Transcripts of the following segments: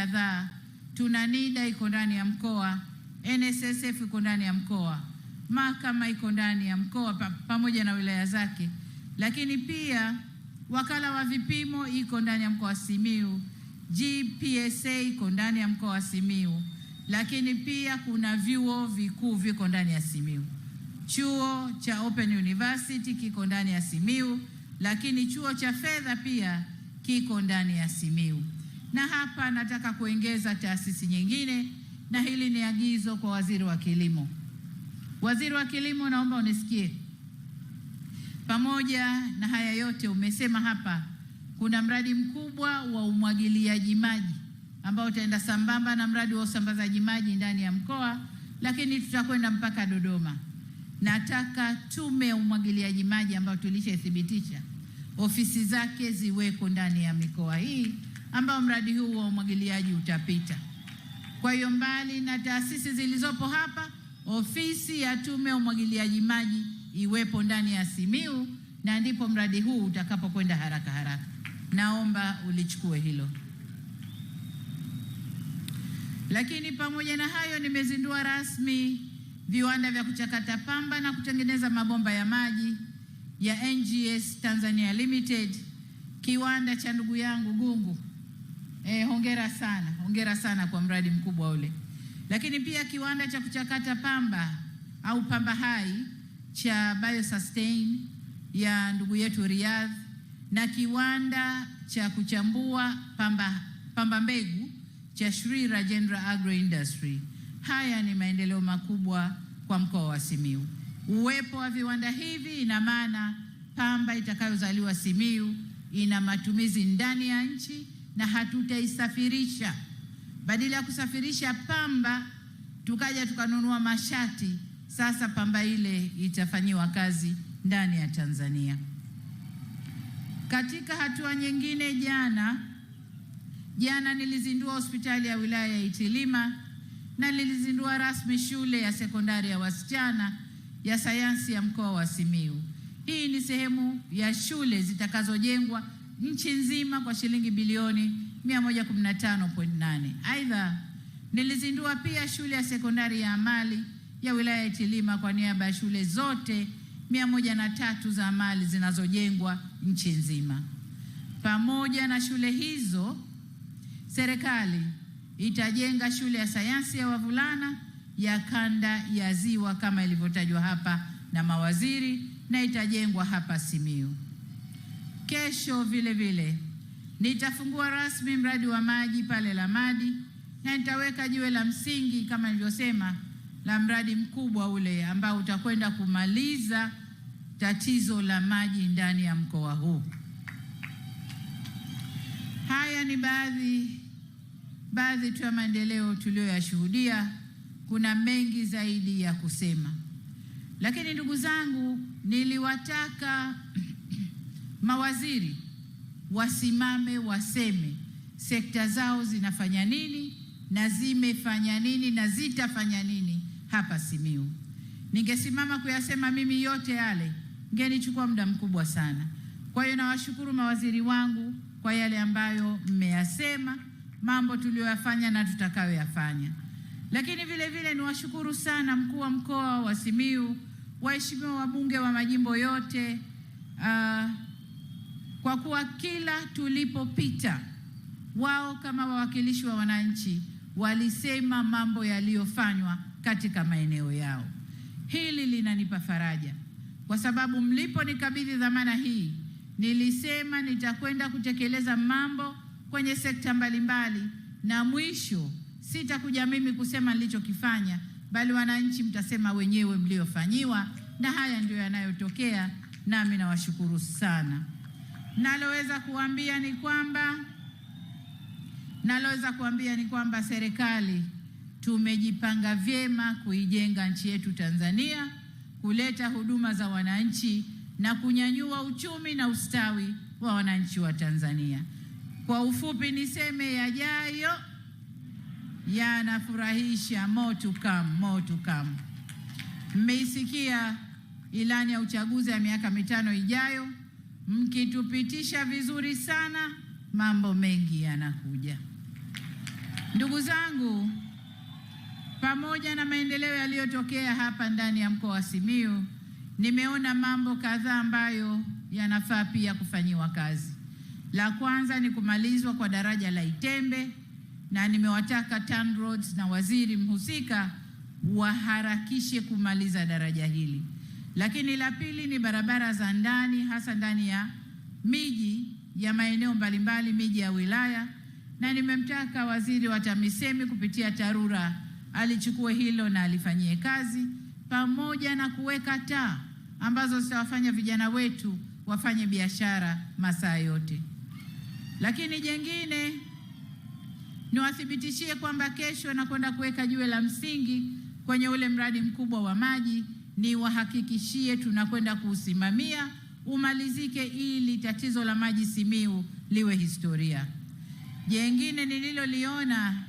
kadhaa. Tuna NIDA iko ndani ya mkoa, NSSF iko ndani ya mkoa, mahakama iko ndani ya mkoa pa, pamoja na wilaya zake, lakini pia wakala wa vipimo iko ndani ya mkoa wa Simiu, GPSA iko ndani ya mkoa wa Simiu, lakini pia kuna vyuo vikuu viko ndani ya Simiu. Chuo cha Open University kiko ndani ya Simiu, lakini chuo cha fedha pia kiko ndani ya Simiu. Na hapa nataka kuongeza taasisi nyingine, na hili ni agizo kwa waziri wa kilimo. Waziri wa kilimo, naomba unisikie. Pamoja na haya yote umesema hapa, kuna mradi mkubwa wa umwagiliaji maji ambao utaenda sambamba na mradi wa usambazaji maji ndani ya mkoa, lakini tutakwenda mpaka Dodoma. Nataka tume ya umwagiliaji maji ambayo tulishaithibitisha ofisi zake ziweko ndani ya mikoa hii ambao mradi huu wa umwagiliaji utapita. Kwa hiyo mbali na taasisi zilizopo hapa, ofisi ya tume ya umwagiliaji maji iwepo ndani ya simiu na ndipo mradi huu utakapokwenda haraka haraka. Naomba ulichukue hilo. Lakini pamoja na hayo, nimezindua rasmi viwanda vya kuchakata pamba na kutengeneza mabomba ya maji ya NGS Tanzania Limited, kiwanda cha ndugu yangu Gungu E, hongera sana, hongera sana kwa mradi mkubwa ule. Lakini pia kiwanda cha kuchakata pamba au pamba hai cha Biosustain ya ndugu yetu Riyadh na kiwanda cha kuchambua pamba, pamba mbegu cha Shri Rajendra Agro Industry. Haya ni maendeleo makubwa kwa mkoa wa simiu Uwepo wa viwanda hivi ina maana pamba itakayozaliwa simiu ina matumizi ndani ya nchi na hatutaisafirisha. Badala ya kusafirisha pamba tukaja tukanunua mashati, sasa pamba ile itafanyiwa kazi ndani ya Tanzania. Katika hatua nyingine, jana jana nilizindua hospitali ya wilaya ya Itilima na nilizindua rasmi shule ya sekondari ya wasichana ya sayansi ya mkoa wa Simiyu. Hii ni sehemu ya shule zitakazojengwa nchi nzima kwa shilingi bilioni 115.8. Aidha, nilizindua pia shule ya sekondari ya amali ya wilaya ya Itilima kwa niaba ya shule zote 103 za amali zinazojengwa nchi nzima. Pamoja na shule hizo, serikali itajenga shule ya sayansi ya wavulana ya kanda ya Ziwa kama ilivyotajwa hapa na mawaziri na itajengwa hapa Simiyu. Kesho vile vile nitafungua rasmi mradi wa maji pale Lamadi na nitaweka jiwe la msingi kama nilivyosema, la mradi mkubwa ule ambao utakwenda kumaliza tatizo la maji ndani ya mkoa huu. Haya ni baadhi baadhi tu ya maendeleo tuliyoyashuhudia. Kuna mengi zaidi ya kusema, lakini ndugu zangu, niliwataka mawaziri wasimame waseme sekta zao zinafanya nini na zimefanya nini na zitafanya nini hapa Simiyu. Ningesimama kuyasema mimi yote yale, ngenichukua muda mkubwa sana. Kwa hiyo nawashukuru mawaziri wangu kwa yale ambayo mmeyasema, mambo tuliyoyafanya na tutakayoyafanya. Lakini vile vile niwashukuru sana mkuu wa mkoa wa Simiyu, waheshimiwa wabunge wa majimbo yote uh, kwa kuwa kila tulipopita, wao kama wawakilishi wa wananchi walisema mambo yaliyofanywa katika maeneo yao. Hili linanipa faraja kwa sababu mliponikabidhi dhamana hii nilisema nitakwenda kutekeleza mambo kwenye sekta mbalimbali mbali, na mwisho sitakuja mimi kusema nilichokifanya, bali wananchi mtasema wenyewe mliofanyiwa, na haya ndio yanayotokea, nami nawashukuru sana naloweza kuambia ni kwamba naloweza kuambia ni kwamba serikali tumejipanga vyema kuijenga nchi yetu Tanzania, kuleta huduma za wananchi na kunyanyua uchumi na ustawi wa wananchi wa Tanzania. Kwa ufupi niseme yajayo yanafurahisha. More to come, more to come. Mmeisikia ilani ya uchaguzi ya miaka mitano ijayo mkitupitisha vizuri sana, mambo mengi yanakuja. Ndugu zangu, pamoja na maendeleo yaliyotokea hapa ndani ya mkoa wa Simiyu, nimeona mambo kadhaa ambayo yanafaa pia kufanyiwa kazi. La kwanza ni kumalizwa kwa daraja la Itembe, na nimewataka TANROADS na waziri mhusika waharakishe kumaliza daraja hili. Lakini la pili ni barabara za ndani, hasa ndani ya miji ya maeneo mbalimbali, miji ya wilaya, na nimemtaka waziri wa TAMISEMI kupitia TARURA alichukue hilo na alifanyie kazi, pamoja na kuweka taa ambazo zitawafanya vijana wetu wafanye biashara masaa yote. Lakini jengine niwathibitishie kwamba kesho nakwenda kuweka jiwe la msingi kwenye ule mradi mkubwa wa maji niwahakikishie tunakwenda kuusimamia umalizike, ili tatizo la maji Simiyu liwe historia. Jengine nililoliona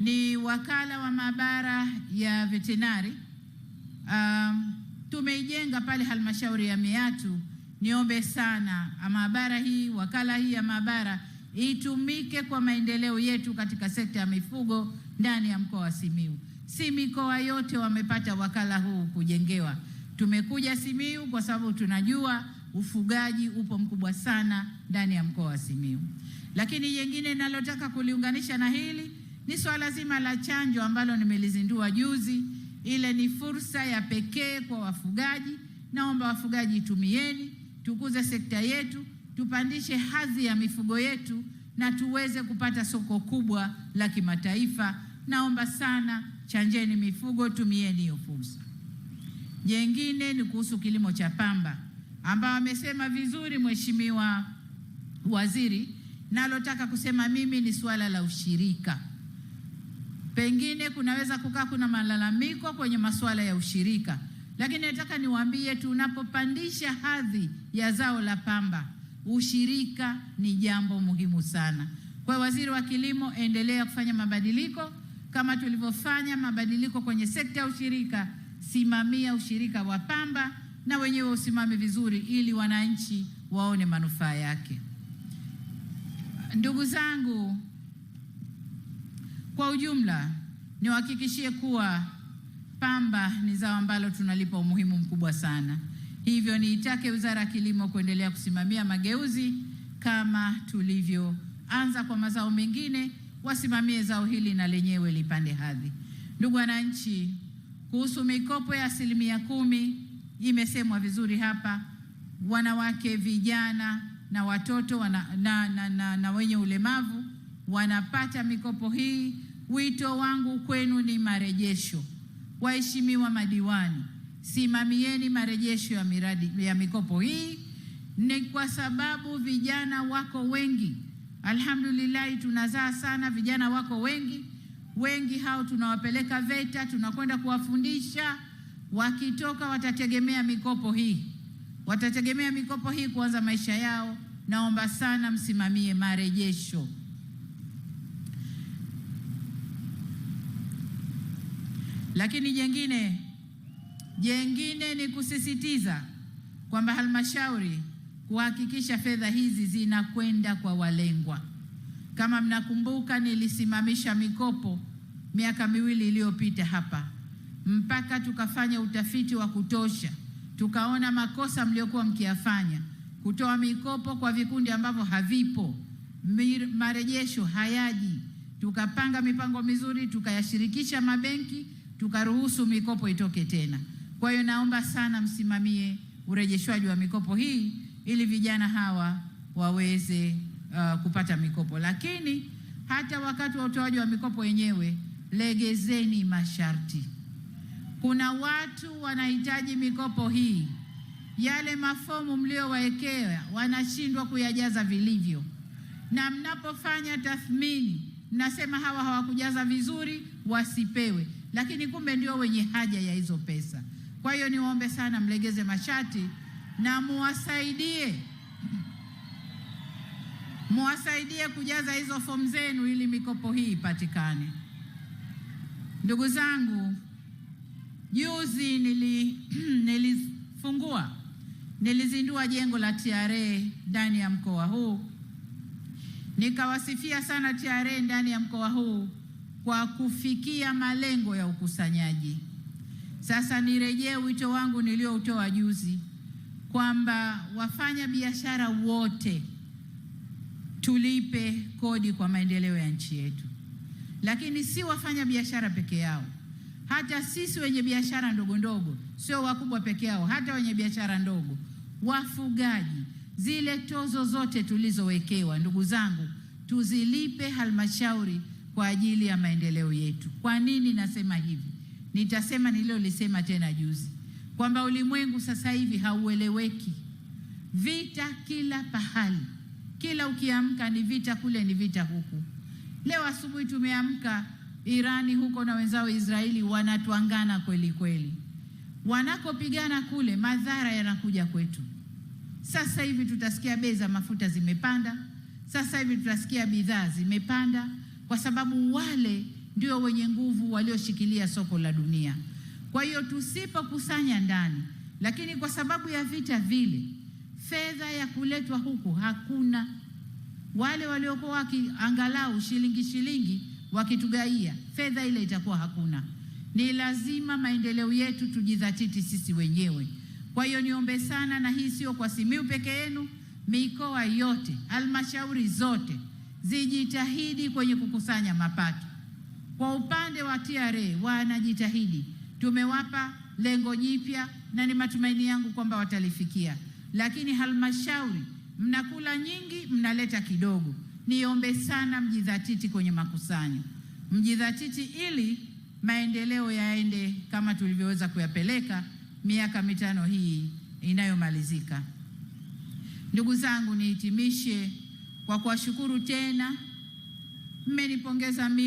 ni wakala wa maabara ya vetenari um, tumeijenga pale halmashauri ya Meatu. Niombe sana maabara hii, wakala hii ya maabara itumike kwa maendeleo yetu katika sekta ya mifugo ndani ya mkoa wa Simiyu si mikoa yote wamepata wakala huu kujengewa. Tumekuja Simiyu kwa sababu tunajua ufugaji upo mkubwa sana ndani ya mkoa wa Simiyu. Lakini jengine nalotaka kuliunganisha na hili ni swala zima la chanjo ambalo nimelizindua juzi. Ile ni fursa ya pekee kwa wafugaji. Naomba wafugaji, tumieni, tukuze sekta yetu, tupandishe hadhi ya mifugo yetu na tuweze kupata soko kubwa la kimataifa naomba sana, chanjeni mifugo, tumieni hiyo fursa. Jengine ni kuhusu kilimo cha pamba ambao amesema vizuri mheshimiwa waziri, nalotaka kusema mimi ni suala la ushirika. Pengine kunaweza kukaa kuna malalamiko kwenye masuala ya ushirika, lakini nataka niwaambie, tunapopandisha hadhi ya zao la pamba, ushirika ni jambo muhimu sana. Kwa waziri wa kilimo, endelea kufanya mabadiliko kama tulivyofanya mabadiliko kwenye sekta ya ushirika, simamia ushirika wa pamba na wenyewe usimame vizuri, ili wananchi waone manufaa yake. Ndugu zangu, kwa ujumla niwahakikishie kuwa pamba ni zao ambalo tunalipa umuhimu mkubwa sana, hivyo niitake Wizara ya Kilimo kuendelea kusimamia mageuzi kama tulivyoanza kwa mazao mengine wasimamie zao hili na lenyewe lipande hadhi. Ndugu wananchi, kuhusu mikopo ya asilimia kumi imesemwa vizuri hapa. Wanawake, vijana na watoto wana, na, na, na, na wenye ulemavu wanapata mikopo hii. Wito wangu kwenu ni marejesho. Waheshimiwa madiwani, simamieni marejesho ya miradi ya mikopo hii, ni kwa sababu vijana wako wengi Alhamdulillahi, tunazaa sana, vijana wako wengi wengi, hao tunawapeleka VETA, tunakwenda kuwafundisha. Wakitoka watategemea mikopo hii, watategemea mikopo hii kuanza maisha yao. Naomba sana msimamie marejesho. Lakini jengine jengine ni kusisitiza kwamba halmashauri kuhakikisha fedha hizi zinakwenda kwa walengwa. Kama mnakumbuka, nilisimamisha mikopo miaka miwili iliyopita hapa mpaka tukafanya utafiti wa kutosha, tukaona makosa mliokuwa mkiyafanya kutoa mikopo kwa vikundi ambavyo havipo, marejesho hayaji. Tukapanga mipango mizuri, tukayashirikisha mabenki, tukaruhusu mikopo itoke tena. Kwa hiyo naomba sana msimamie urejeshwaji wa mikopo hii ili vijana hawa waweze uh, kupata mikopo. Lakini hata wakati wa utoaji wa mikopo wenyewe, legezeni masharti. Kuna watu wanahitaji mikopo hii, yale mafomu mliowawekea wanashindwa kuyajaza vilivyo, na mnapofanya tathmini mnasema hawa hawakujaza vizuri, wasipewe, lakini kumbe ndio wenye haja ya hizo pesa. Kwa hiyo niwaombe sana mlegeze masharti na muwasaidie muwasaidie kujaza hizo fomu zenu ili mikopo hii ipatikane. Ndugu zangu, juzi nili nilifungua nilizindua jengo la TRA ndani ya mkoa huu, nikawasifia sana TRA ndani ya mkoa huu kwa kufikia malengo ya ukusanyaji. Sasa nirejee wito wangu nilioutoa juzi kwamba wafanya biashara wote tulipe kodi kwa maendeleo ya nchi yetu, lakini si wafanya biashara peke yao, hata sisi wenye biashara ndogo ndogo, sio wakubwa peke yao, hata wenye biashara ndogo, wafugaji, zile tozo zote tulizowekewa, ndugu zangu, tuzilipe halmashauri kwa ajili ya maendeleo yetu. Kwa nini nasema hivi? Nitasema nililolisema tena juzi kwamba ulimwengu sasa hivi haueleweki, vita kila pahali, kila ukiamka ni vita kule, ni vita huku. Leo asubuhi tumeamka, Irani huko na wenzao Israeli wanatwangana kweli kweli, wanakopigana kule madhara yanakuja kwetu. Sasa hivi tutasikia bei za mafuta zimepanda, sasa hivi tutasikia bidhaa zimepanda, kwa sababu wale ndio wenye nguvu walioshikilia soko la dunia. Kwa hiyo tusipokusanya ndani, lakini kwa sababu ya vita vile, fedha ya kuletwa huku hakuna. Wale waliokuwa wakiangalau shilingi shilingi wakitugaia fedha ile itakuwa hakuna. Ni lazima maendeleo yetu tujidhatiti sisi wenyewe. Kwa hiyo niombe sana, na hii sio kwa Simiyu peke yenu, mikoa yote, halmashauri zote zijitahidi kwenye kukusanya mapato. Kwa upande wa TRA wanajitahidi. Tumewapa lengo jipya na ni matumaini yangu kwamba watalifikia. Lakini halmashauri, mnakula nyingi, mnaleta kidogo. Niombe sana mjidhatiti kwenye makusanyo, mjidhatiti ili maendeleo yaende kama tulivyoweza kuyapeleka miaka mitano hii inayomalizika. Ndugu zangu, nihitimishe kwa kuwashukuru tena, mmenipongeza mimi.